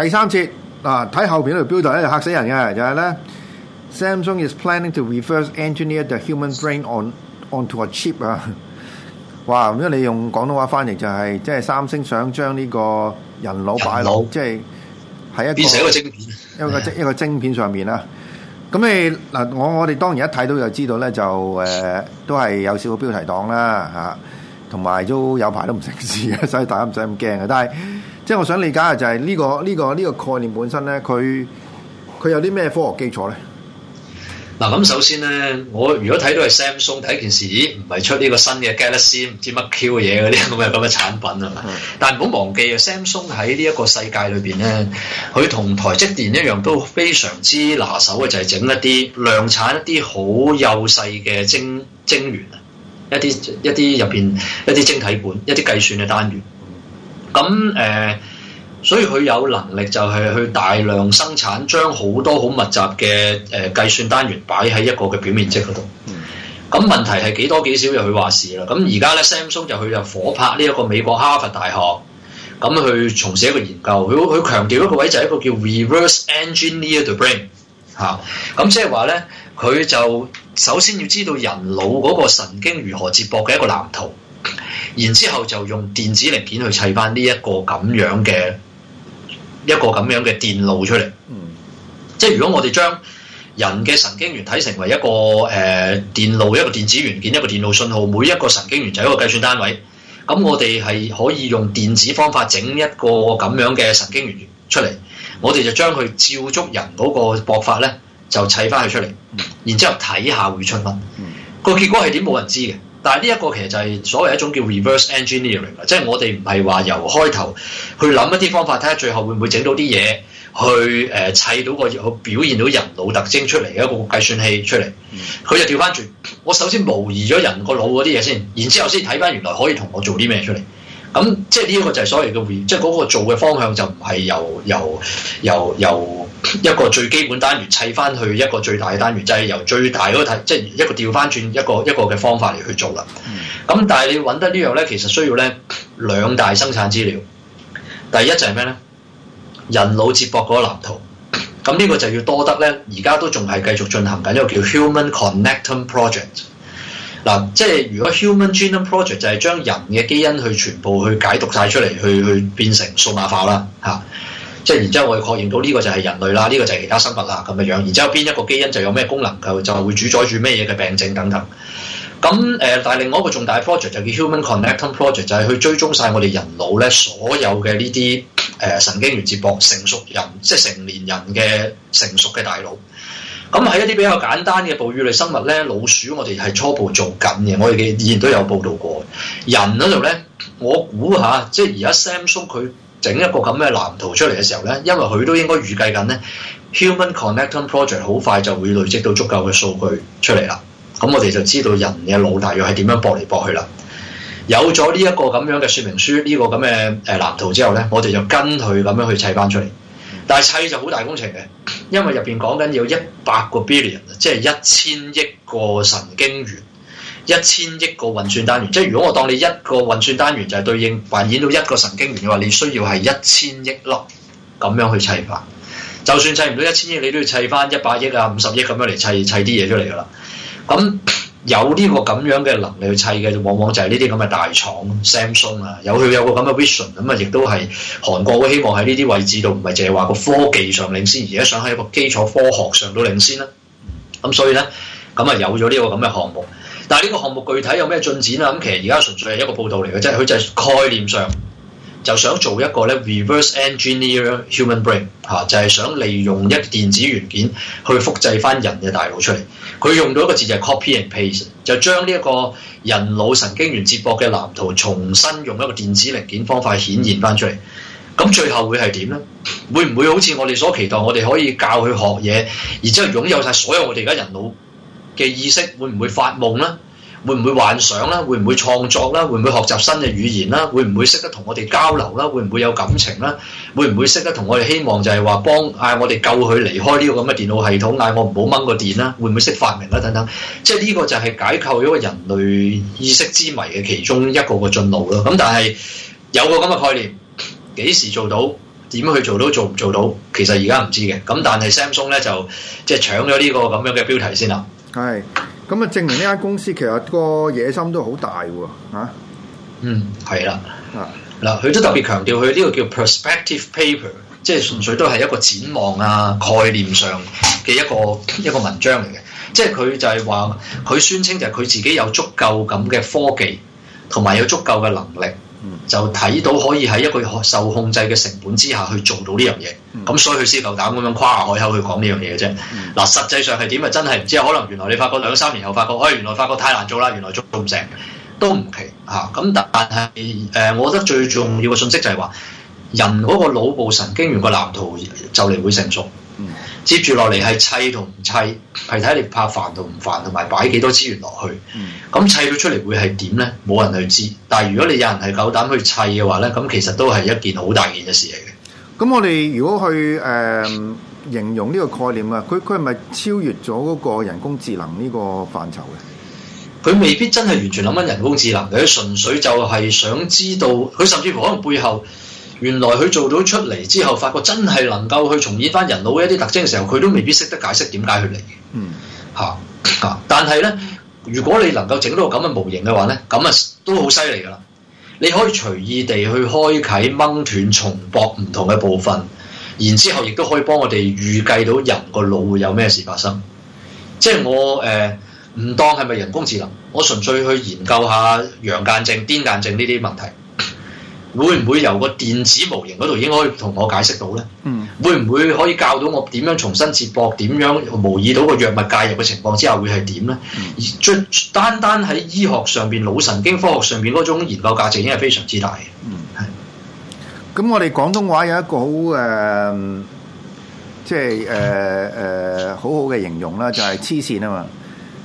第三次嗱，睇後邊呢條標題咧就嚇死人嘅，就係咧 Samsung is planning to reverse engineer the human brain on onto a chip 啊！哇，咁如果你用廣東話翻譯就係，即係三星想將呢個人腦擺落，即係喺一個，一個晶片上面啦。咁你嗱，我我哋當然一睇到就知道咧，就誒都係有少少標題黨啦嚇，同埋都有排都唔成事嘅，所以大家唔使咁驚嘅，但係。即係我想理解嘅就係呢、這個呢、這個呢、這個概念本身咧，佢佢有啲咩科學基礎咧？嗱，咁首先咧，我如果睇到係 Samsung 睇一件事，咦，唔係出呢個新嘅 Galaxy 唔知乜 Q 嘢嗰啲咁嘅咁嘅產品啊嘛。嗯、但唔好忘記啊、嗯、Samsung 喺呢一個世界裏邊咧，佢同台積電一樣都非常之拿手嘅，就係、是、整一啲量產一啲好幼細嘅晶晶圓啊，一啲一啲入邊一啲晶體管，一啲計算嘅單元。咁誒、呃，所以佢有能力就係去大量生產，將好多好密集嘅誒、呃、計算單元擺喺一個嘅表面積嗰度。咁、嗯、問題係幾多幾少就佢話事啦。咁而家咧，Samsung 就去入夥拍呢一個美國哈佛大學，咁去從事一個研究，佢佢強調一個位就係一個叫 reverse engineer the brain 嚇、啊。咁即係話咧，佢就首先要知道人腦嗰個神經如何接駁嘅一個藍圖。然之後就用電子零件去砌翻呢一個咁樣嘅一個咁樣嘅電路出嚟，即係如果我哋將人嘅神經元睇成為一個誒、呃、電路，一個電子元件，一個電路信號，每一個神經元就係一個計算單位，咁我哋係可以用電子方法整一個咁樣嘅神經元出嚟，我哋就將佢照足人嗰個搏法呢，就砌翻佢出嚟，然之後睇下會出乜，個結果係點冇人知嘅。但係呢一個其實就係所謂一種叫 reverse engineering 即係我哋唔係話由開頭去諗一啲方法，睇下最後會唔會整到啲嘢去誒砌到個表現到人腦特徵出嚟嘅一個計算器出嚟。佢就調翻轉，我首先模擬咗人個腦嗰啲嘢先，然之後先睇翻原來可以同我做啲咩出嚟。咁即係呢一個就係所謂嘅即係嗰個做嘅方向就唔係由由由由。由由由一個最基本單元砌翻去一個最大嘅單元，就係、是、由最大嗰個體，即係一個調翻轉一個一個嘅方法嚟去做啦。咁但係你揾得呢樣呢，其實需要呢兩大生產資料。第一就係咩呢？人腦接駁嗰個藍圖。咁、這、呢個就要多得呢，而家都仲係繼續進行緊一個叫 Human Connectome、um、Project。嗱，即係如果 Human Genome Project 就係將人嘅基因去全部去解讀晒出嚟，去去變成數碼化啦，嚇。即係然之後，我哋確認到呢個就係人類啦，呢個就係其他生物啦咁嘅樣。然之後邊一個基因就有咩功能，就就會主宰住咩嘢嘅病症等等。咁誒，但係另外一個重大 project 就叫 Human Connectome Project，就係去追蹤晒我哋人腦咧所有嘅呢啲誒神經元接駁成熟人，即係成年人嘅成熟嘅大腦。咁喺一啲比較簡單嘅哺乳類生物咧，老鼠我哋係初步做緊嘅，我哋依然都有報道過。人嗰度咧，我估嚇，即係而家 Samsung 佢。整一個咁嘅藍圖出嚟嘅時候呢，因為佢都應該預計緊呢，Human Connection Project 好快就會累積到足夠嘅數據出嚟啦。咁我哋就知道人嘅腦大約係點樣駁嚟駁去啦。有咗呢一個咁樣嘅說明書，呢個咁嘅誒藍圖之後呢，我哋就跟佢咁樣去砌翻出嚟。但係砌就好大工程嘅，因為入邊講緊有一百個 billion，即係一千億個神經元。一千億個運算單元，即係如果我當你一個運算單元就係對應扮演到一個神經元嘅話，你需要係一千億粒咁樣去砌法。就算砌唔到一千億，你都要砌翻一百億啊、五十億咁樣嚟砌砌啲嘢出嚟噶啦。咁有呢個咁樣嘅能力去砌嘅，往往就係呢啲咁嘅大廠 Samsung 啊，有佢有個咁嘅 vision，咁啊亦都係韓國會希望喺呢啲位置度，唔係淨係話個科技上領先，而家想喺個基礎科學上到領先啦。咁所以呢，咁啊有咗呢個咁嘅項目。但係呢個項目具體有咩進展啦？咁其實而家純粹係一個報道嚟嘅，即係佢就係概念上就想做一個咧 reverse engineer human brain，嚇就係想利用一電子元件去複製翻人嘅大腦出嚟。佢用到一個字就係 copy and paste，就將呢一個人腦神經元接駁嘅藍圖重新用一個電子零件方法顯現翻出嚟。咁最後會係點呢？會唔會好似我哋所期待，我哋可以教佢學嘢，而之後擁有晒所有我哋而家人腦？嘅意識會唔會發夢啦？會唔會幻想啦？會唔會創作啦？會唔會學習新嘅語言啦？會唔會識得同我哋交流啦？會唔會有感情啦？會唔會識得同我哋希望就係話幫嗌我哋救佢離開呢個咁嘅電腦系統嗌我唔好掹個電啦？會唔會識發明啦？等等，即係呢個就係解構咗個人類意識之謎嘅其中一個個進路咯。咁但係有個咁嘅概念，幾時做到？點去做到？做唔做到？其實而家唔知嘅。咁但係 Samsung 咧就即係搶咗呢個咁樣嘅標題先啦。係，咁啊，就證明呢間公司其實個野心都好大喎，啊，吓。嗯，係啦，嗱，佢都特別強調佢呢個叫 perspective paper，即係純粹都係一個展望啊，概念上嘅一個一個文章嚟嘅。即係佢就係話，佢宣稱就係佢自己有足夠咁嘅科技，同埋有足夠嘅能力。就睇到可以喺一個受控制嘅成本之下去做到呢樣嘢，咁、嗯、所以佢先夠膽咁樣誇下海口去講呢樣嘢嘅啫。嗱、嗯，實際上係點啊？真係唔知。可能原來你發覺兩三年後發覺，哎，原來發覺太難做啦，原來做唔成，都唔奇吓。咁但係誒，我覺得最重要嘅訊息就係話，人嗰個腦部神經元個藍圖就嚟會成熟。嗯、接住落嚟，係砌同唔砌，係睇你怕煩同唔煩，同埋擺幾多資源落去。咁、嗯、砌到出嚟會係點呢？冇人去知。但係如果你有人係夠膽去砌嘅話呢，咁其實都係一件好大件事嚟嘅。咁我哋如果去誒、呃、形容呢個概念啊，佢佢係咪超越咗嗰個人工智能呢個範疇嘅？佢未必真係完全諗緊人工智能嘅，純粹就係想知道，佢甚至乎可能背後。原來佢做到出嚟之後，發覺真係能夠去重現翻人腦嘅一啲特徵嘅時候，佢都未必識得解釋點解佢嚟嘅。嗯，嚇嚇。但係呢，如果你能夠整到咁嘅模型嘅話呢，咁啊都好犀利噶啦！你可以隨意地去開啓、掹斷、重播重駁唔同嘅部分，然之後亦都可以幫我哋預計到人個腦會有咩事發生。即係我誒唔、呃、當係咪人工智能？我純粹去研究下陽間症、癲癇症呢啲問題。會唔會由個電子模型嗰度已經可以同我解釋到呢？嗯，會唔會可以教到我點樣重新接駁？點樣模擬到個藥物介入嘅情況之下會係點呢？嗯，而單單喺醫學上邊、腦神經科學上面嗰種研究價值已經係非常之大嘅。嗯，係是。咁我哋廣東話有一個好誒、呃，即係誒誒，呃呃，好好嘅形容啦，就係黐線啊嘛，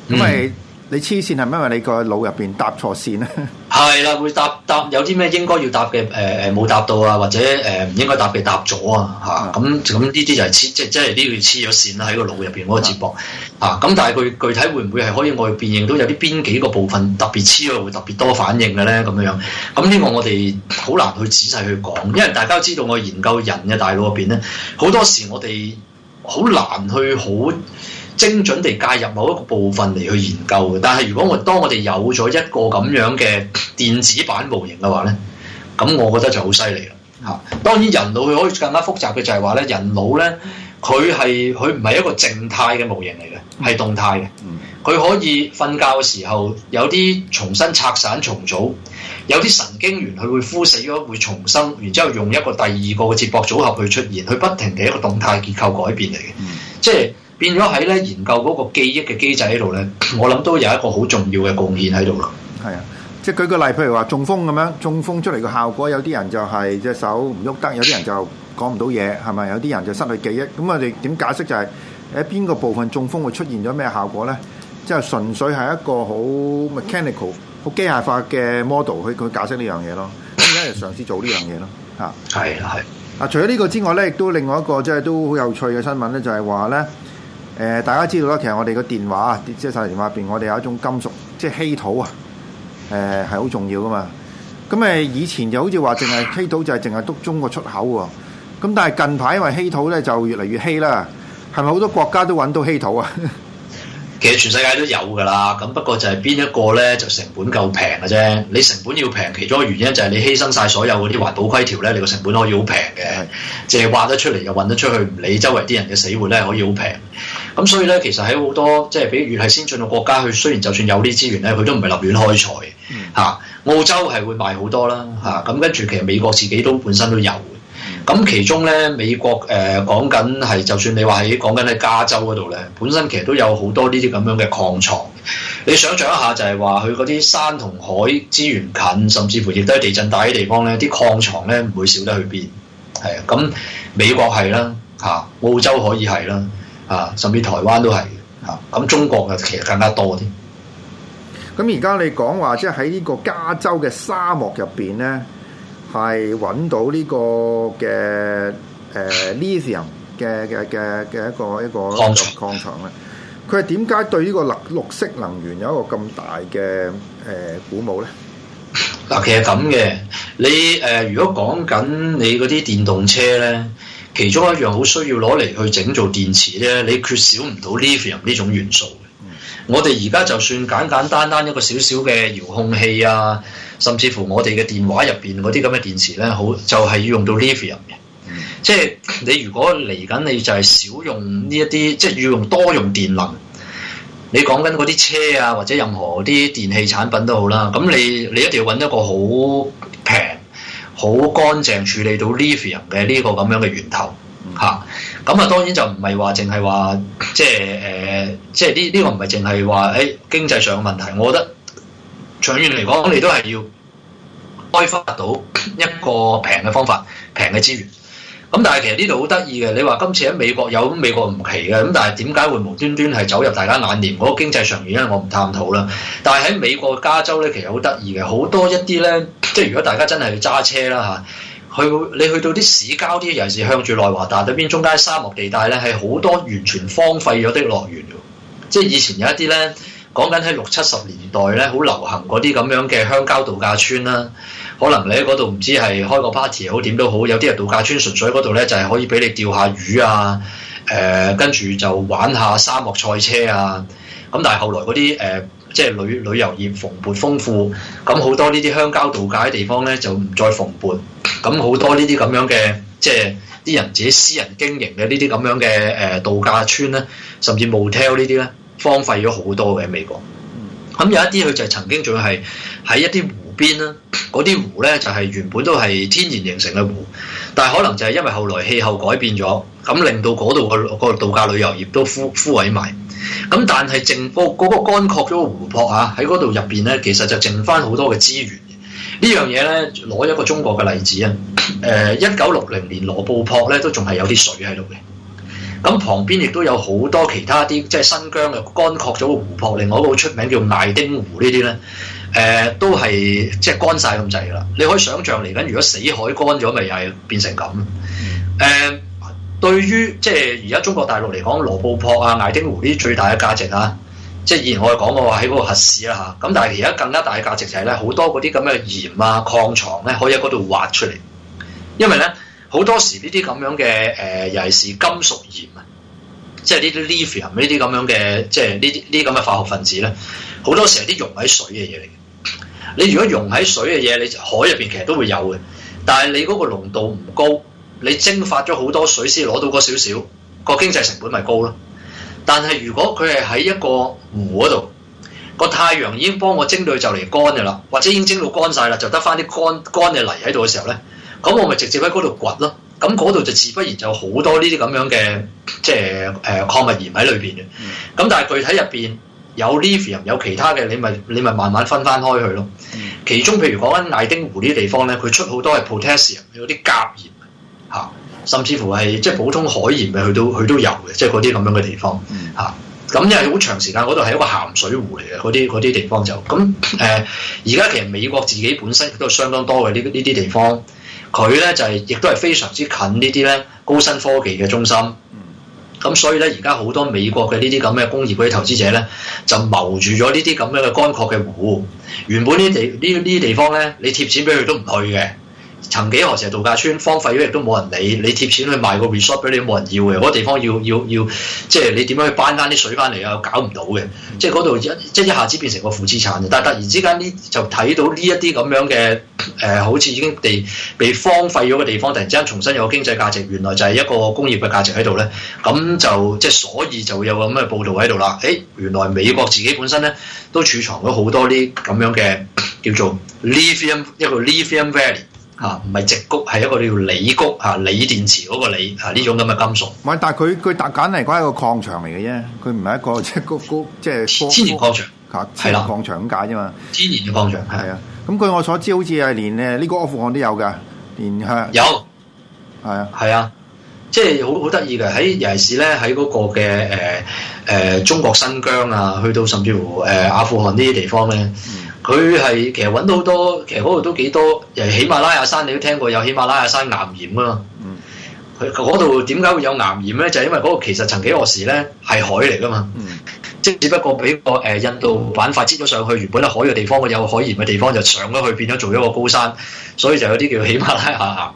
因為，嗯你黐線係咪因為你個腦入邊搭錯線啊？係啦，會搭搭有啲咩應該要搭嘅誒誒冇搭到啊，或者誒唔、呃、應該搭嘅搭咗啊嚇咁咁呢啲就係黐即係即係呢啲叫黐咗線啦喺個腦入邊嗰個接駁嚇咁，但係佢具體會唔會係可以我哋辨認到有啲邊幾個部分特別黐啊，會特別多反應嘅咧咁樣？咁呢個我哋好難去仔細去講，因為大家都知道我研究人嘅大腦入邊咧，好多時我哋好難去好。精準地介入某一個部分嚟去研究嘅，但係如果我當我哋有咗一個咁樣嘅電子版模型嘅話呢，咁我覺得就好犀利啦嚇。當然人腦佢可以更加複雜嘅就係話呢，人腦呢，佢係佢唔係一個靜態嘅模型嚟嘅，係動態嘅。佢可以瞓覺嘅時候有啲重新拆散重組，有啲神經元佢會枯死咗會重生，然之後用一個第二個嘅接駁組合去出現，佢不停嘅一個動態結構改變嚟嘅。即係。變咗喺咧研究嗰個記憶嘅機制喺度咧，我諗都有一個好重要嘅貢獻喺度咯。係啊，即係舉個例，譬如話中風咁樣，中風出嚟嘅效果，有啲人就係隻手唔喐得，有啲人就講唔到嘢，係咪？有啲人就失去記憶。咁我哋點解釋就係喺邊個部分中風會出現咗咩效果咧？即係純粹係一個好 mechanical、好機械化嘅 model 去去解釋呢樣嘢咯。咁而家就嘗試做呢樣嘢咯。吓，係啦，係。啊，除咗呢個之外咧，亦都另外一個即係都好有趣嘅新聞咧，就係話咧。誒、呃、大家知道啦，其實我哋個電話啊，即係手機電話入邊，我哋有一種金屬，即係稀土啊，誒係好重要噶嘛。咁誒以前就好似話，淨係稀土就係淨係督中國出口喎。咁但係近排因為稀土咧就越嚟越稀啦，係咪好多國家都揾到稀土啊？ 其實全世界都有㗎啦，咁不過就係邊一個咧就成本夠平嘅啫。你成本要平，其中一個原因就係你犧牲晒所有嗰啲環保規條咧，你個成本可以好平嘅，淨係挖得出嚟又運得出去，唔理周圍啲人嘅死活咧，可以好平。咁所以咧，其實喺好多即係比如係先進嘅國家，佢雖然就算有啲資源咧，佢都唔係立亂開採嘅嚇。澳洲係會賣好多啦嚇，咁跟住其實美國自己都本身都有嘅。咁其中咧，美國誒講緊係就算你話喺講緊喺加州嗰度咧，本身其實都有好多呢啲咁樣嘅礦床。你想像一下就，就係話佢嗰啲山同海資源近，甚至乎亦都係地震帶啲地方咧，啲礦床咧唔會少得去邊。係啊，咁美國係啦嚇，澳洲可以係啦。啊，甚至台灣都係嘅，咁、啊、中國嘅其實更加多啲。咁而家你講話，即係喺呢個加州嘅沙漠入邊咧，係揾到呢個嘅誒、呃、lithium 嘅嘅嘅嘅一個一個礦藏礦藏啊！佢係點解對呢個綠綠色能源有一個咁大嘅誒鼓舞咧？嗱、呃啊，其實咁嘅，你誒、呃、如果講緊你嗰啲電動車咧。其中一樣好需要攞嚟去整做電池咧，你缺少唔到 lithium 呢種元素嘅。我哋而家就算簡簡單單一個小小嘅遙控器啊，甚至乎我哋嘅電話入邊嗰啲咁嘅電池咧，好就係要用到 lithium 嘅。嗯，即係你如果嚟緊，你就係少用呢一啲，即係要用多用電能。你講緊嗰啲車啊，或者任何啲電器產品都好啦。咁你你一定要揾一個好，好乾淨處理到 Lithium 嘅呢個咁樣嘅源頭嚇，咁、嗯、啊當然就唔係話淨係話即係誒，即係呢呢個唔係淨係話誒經濟上嘅問題。我覺得長遠嚟講，我哋都係要開發到一個平嘅方法，平嘅資源。咁但係其實呢度好得意嘅，你話今次喺美國有美國唔奇嘅，咁但係點解會無端端係走入大家眼簾？嗰，那個經濟上原因我唔探討啦。但係喺美國加州咧，其實好得意嘅，好多一啲咧。即係如果大家真係要揸車啦嚇，佢你去到啲市郊啲，尤其是向住內華達對邊中間沙漠地帶咧，係好多完全荒廢咗的樂園。即係以前有一啲咧，講緊喺六七十年代咧，好流行嗰啲咁樣嘅鄉郊度假村啦。可能你喺嗰度唔知係開個 party 好點都好，有啲係度假村純粹嗰度咧就係可以俾你釣下魚啊，誒跟住就玩下沙漠賽車啊。咁但係後來嗰啲誒。呃即係旅旅遊業蓬勃豐富，咁好多呢啲鄉郊度假嘅地方咧就唔再蓬勃，咁好多呢啲咁樣嘅，即係啲人自己私人經營嘅呢啲咁樣嘅誒度假村咧，甚至 motel 呢啲咧荒廢咗好多嘅美國。咁有一啲佢就曾經仲係喺一啲湖邊啦，嗰啲湖咧就係原本都係天然形成嘅湖，但係可能就係因為後來氣候改變咗，咁令到嗰度個個度假旅遊業都枯枯萎埋。咁但係剩嗰嗰個乾涸咗個湖泊嚇，喺嗰度入邊咧，其實就剩翻好多嘅資源。呢樣嘢咧，攞一個中國嘅例子啊。誒、呃，一九六零年羅布泊咧都仲係有啲水喺度嘅。咁旁邊亦都有好多其他啲即係新疆嘅乾涸咗個湖泊，另外一個出名叫艾丁湖呢啲咧，誒、呃、都係即係乾晒咁滯啦。你可以想象嚟緊，如果死海乾咗，咪又係變成咁誒。呃。對於即係而家中國大陸嚟講，羅布泊啊、艾丁湖呢啲最大嘅價值啊，即係以前我哋講過話，喺嗰個核試啦嚇。咁但係而家更加大嘅價值就係咧，好多嗰啲咁嘅鹽啊、礦床咧，可以喺嗰度挖出嚟。因為咧，好多時呢啲咁樣嘅誒，尤其是金屬鹽啊，即係呢啲 Lithium 呢啲咁樣嘅，即係呢啲呢咁嘅化學分子咧，好多時係啲溶喺水嘅嘢嚟嘅。你如果溶喺水嘅嘢，你海入邊其實都會有嘅，但係你嗰個濃度唔高。你蒸發咗好多水先攞到嗰少少，個經濟成本咪高咯？但係如果佢係喺一個湖嗰度，個太陽已經幫我蒸到就嚟乾嘅啦，或者已經蒸到乾晒啦，就得翻啲乾乾嘅泥喺度嘅時候咧，咁我咪直接喺嗰度掘咯。咁嗰度就自不然就好多呢啲咁樣嘅即係誒礦物鹽喺裏邊嘅。咁、嗯、但係具體入邊有 lithium 有其他嘅，你咪你咪慢慢分翻開佢咯。其中譬如講緊艾丁湖呢啲地方咧，佢出好多係 potassium 有啲鉀鹽。甚至乎係即係普通海鹽嘅，去到去都有嘅，即係嗰啲咁樣嘅地方。吓，咁因為好長時間，嗰度係一個鹹水湖嚟嘅，嗰啲啲地方就咁。誒，而家其實美國自己本身亦都相當多嘅呢呢啲地方，佢咧就係亦都係非常之近呢啲咧高新科技嘅中心。咁所以咧，而家好多美國嘅呢啲咁嘅工業嘅投資者咧，就謀住咗呢啲咁樣嘅乾涸嘅湖。原本呢地呢呢啲地方咧，你貼錢俾佢都唔去嘅。曾幾何時，度假村荒廢咗，亦都冇人理。你貼錢去賣個 resort 俾你，都冇人要嘅。嗰、那個地方要要要，即係你點樣去搬翻啲水翻嚟啊？搞唔到嘅，即係嗰度一即係一下子變成個負資產。但係突然之間呢，就睇到呢一啲咁樣嘅誒，好似已經地被荒廢咗嘅地方，突然之間重新有經濟價值。原來就係一個工業嘅價值喺度咧。咁就即係所以就有咁嘅報導喺度啦。誒、欸，原來美國自己本身咧都儲藏咗好多呢咁樣嘅叫做 lithium 一個 Lithium Valley。吓，唔係直谷，係一個叫鋰谷，啊，鋰電池嗰個鋰，嚇呢種咁嘅金屬。唔係，但係佢佢簡單嚟講係一個礦場嚟嘅啫，佢唔係一個即係谷，個即係千年礦場嚇，係啦，礦場咁解啫嘛，千年嘅礦場係啊。咁據我所知，好似係連誒呢個阿富汗都有嘅，連係有係啊，係啊，即係好好得意嘅喺尤其是咧，喺嗰個嘅誒誒中國新疆啊，去到甚至乎誒阿富汗呢啲地方咧。佢係其實揾到好多，其實嗰度都幾多。誒，喜馬拉雅山你都聽過有喜馬拉雅山巖鹽噶嘛？嗯，佢嗰度點解會有巖鹽咧？就係因為嗰個其實曾幾何時咧係海嚟噶嘛？嗯，即係只不過俾個誒印度板塊擠咗上去，原本係海嘅地方，有海鹽嘅地方就上咗去，變咗做咗一個高山，所以就有啲叫喜馬拉雅巖。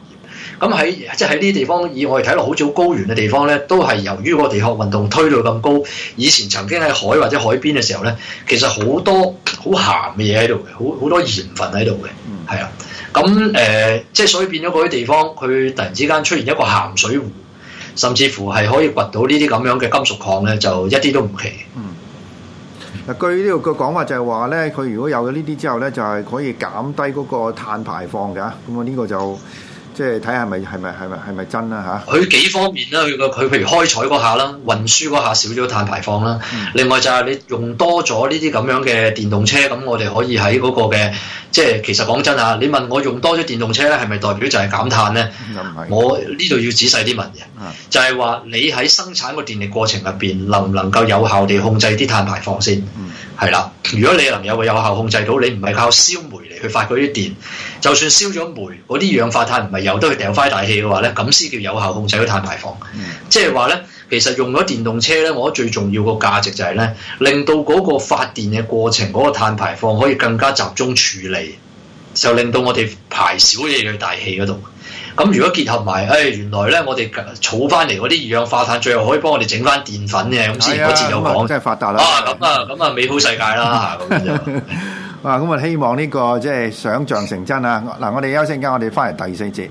咁喺即係喺呢啲地方，以我哋睇落好似高原嘅地方咧，都係由於個地殼運動推到咁高。以前曾經喺海或者海邊嘅時候咧，其實好多好鹹嘅嘢喺度嘅，好好多鹽分喺度嘅。嗯，係咁誒，即、呃、係、就係、所以變咗嗰啲地方，佢突然之間出現一個鹹水湖，甚至乎係可以掘到呢啲咁樣嘅金屬礦咧，就一啲都唔奇。嗯。嗱，據呢度嘅講法就係話咧，佢如果有咗呢啲之後咧，就係可以減低嗰個碳排放嘅。咁我呢個就。即係睇下咪係咪係咪係咪真啦嚇？佢幾方面啦？佢佢譬如開採嗰下啦，運輸嗰下少咗碳排放啦。另外就係你用多咗呢啲咁樣嘅電動車，咁我哋可以喺嗰個嘅即係其實講真嚇，你問我用多咗電動車咧，係咪代表就係減碳咧？唔係？我呢度要仔細啲問嘅，就係話你喺生產個電力過程入邊，能唔能夠有效地控制啲碳排放先？係啦，如果你能有個有效控制到，你唔係靠燒煤嚟去發嗰啲電，就算燒咗煤，嗰啲氧化碳唔係又都佢掉翻大氣嘅話咧，咁先叫有效控制咗碳排放。即係話咧，其實用咗電動車咧，我覺得最重要個價值就係、是、咧，令到嗰個發電嘅過程嗰、那個碳排放可以更加集中處理，就令到我哋排少嘢去大氣嗰度。咁如果結合埋，誒、哎、原來咧我哋儲翻嚟嗰啲二氧化碳，最後可以幫我哋整翻澱粉嘅。咁之前好似有講，啊、真係發達啦。啊咁啊咁啊美好世界啦嚇咁樣就。啊！咁啊，希望呢個即係想像成真啊！嗱，我哋休息間，我哋翻嚟第四節。